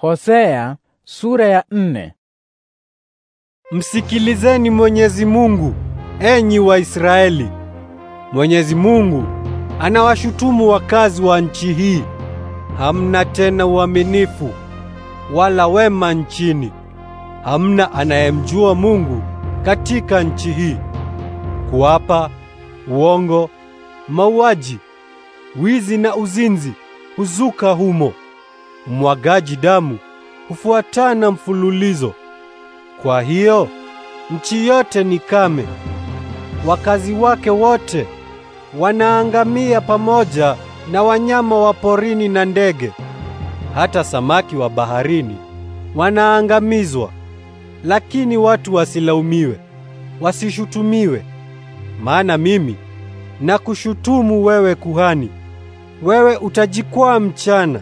Hosea sura ya nne. Msikilizeni Mwenyezi Mungu, enyi Waisraeli. Mwenyezi Mungu anawashutumu wakazi wa nchi hii. Hamna tena uaminifu wala wema nchini. Hamna anayemjua Mungu katika nchi hii. Kuapa, uongo, mauaji, wizi na uzinzi huzuka humo umwagaji damu hufuatana mfululizo. Kwa hiyo nchi yote ni kame, wakazi wake wote wanaangamia pamoja na wanyama wa porini na ndege, hata samaki wa baharini wanaangamizwa. Lakini watu wasilaumiwe, wasishutumiwe, maana mimi nakushutumu wewe kuhani, wewe utajikwaa mchana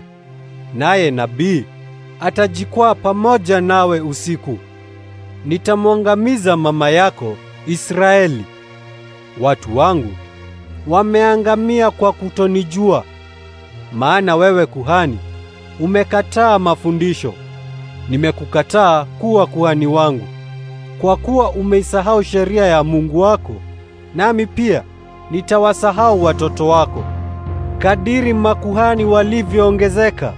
naye nabii atajikwaa pamoja nawe usiku. Nitamwangamiza mama yako Israeli. Watu wangu wameangamia kwa kutonijua, maana wewe kuhani umekataa mafundisho. Nimekukataa kuwa kuhani wangu, kwa kuwa umeisahau sheria ya Mungu wako, nami pia nitawasahau watoto wako. Kadiri makuhani walivyoongezeka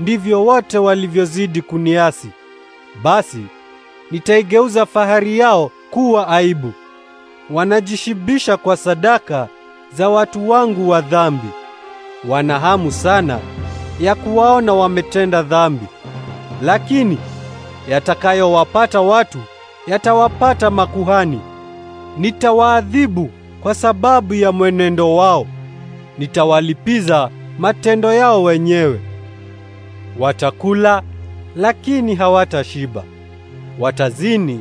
ndivyo wote walivyozidi kuniasi. Basi nitaigeuza fahari yao kuwa aibu. Wanajishibisha kwa sadaka za watu wangu wa dhambi. wanahamu sana ya kuwaona wametenda dhambi, lakini yatakayowapata watu yatawapata makuhani. Nitawaadhibu kwa sababu ya mwenendo wao, nitawalipiza matendo yao wenyewe. Watakula lakini hawatashiba, watazini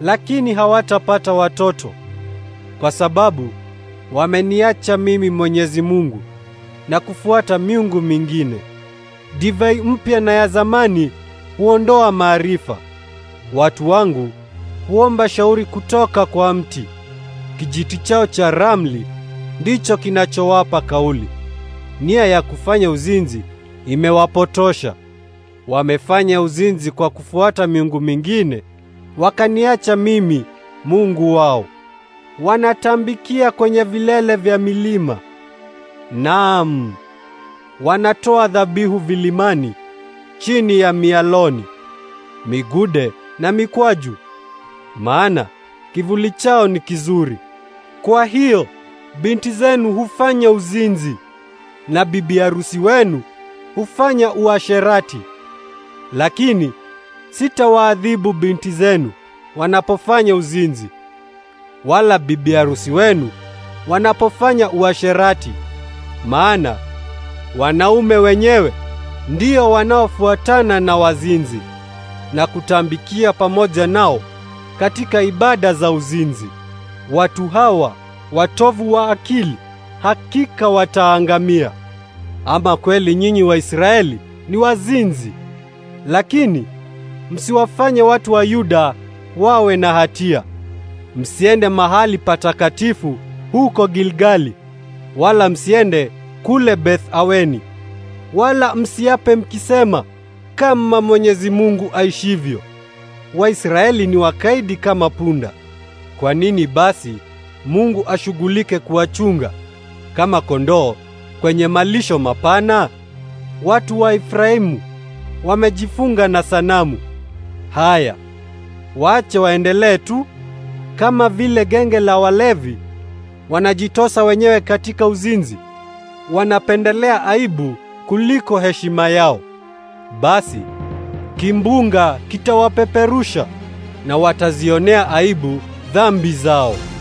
lakini hawatapata watoto, kwa sababu wameniacha mimi Mwenyezi Mungu na kufuata miungu mingine. Divai mpya na ya zamani huondoa maarifa. Watu wangu huomba shauri kutoka kwa mti, kijiti chao cha ramli ndicho kinachowapa kauli. Nia ya kufanya uzinzi imewapotosha. Wamefanya uzinzi kwa kufuata miungu mingine, wakaniacha mimi Mungu wao. Wanatambikia kwenye vilele vya milima, naam, wanatoa dhabihu vilimani, chini ya mialoni, migude na mikwaju, maana kivuli chao ni kizuri. Kwa hiyo binti zenu hufanya uzinzi na bibi harusi wenu hufanya uasherati. Lakini sitawaadhibu binti zenu wanapofanya uzinzi, wala bibi harusi wenu wanapofanya uasherati, maana wanaume wenyewe ndio wanaofuatana na wazinzi na kutambikia pamoja nao katika ibada za uzinzi. Watu hawa watovu wa akili hakika wataangamia. Ama kweli nyinyi Waisraeli ni wazinzi, lakini msiwafanye watu wa Yuda wawe na hatia. Msiende mahali patakatifu huko Gilgali, wala msiende kule Beth Aweni, wala msiape mkisema, kama Mwenyezi Mungu aishivyo, Waisraeli ni wakaidi kama punda. Kwa nini basi Mungu ashughulike kuwachunga kama kondoo kwenye malisho mapana? Watu wa Efraimu wamejifunga na sanamu. Haya, waache waendelee tu, kama vile genge la walevi wanajitosa wenyewe katika uzinzi. Wanapendelea aibu kuliko heshima yao. Basi kimbunga kitawapeperusha na watazionea aibu dhambi zao.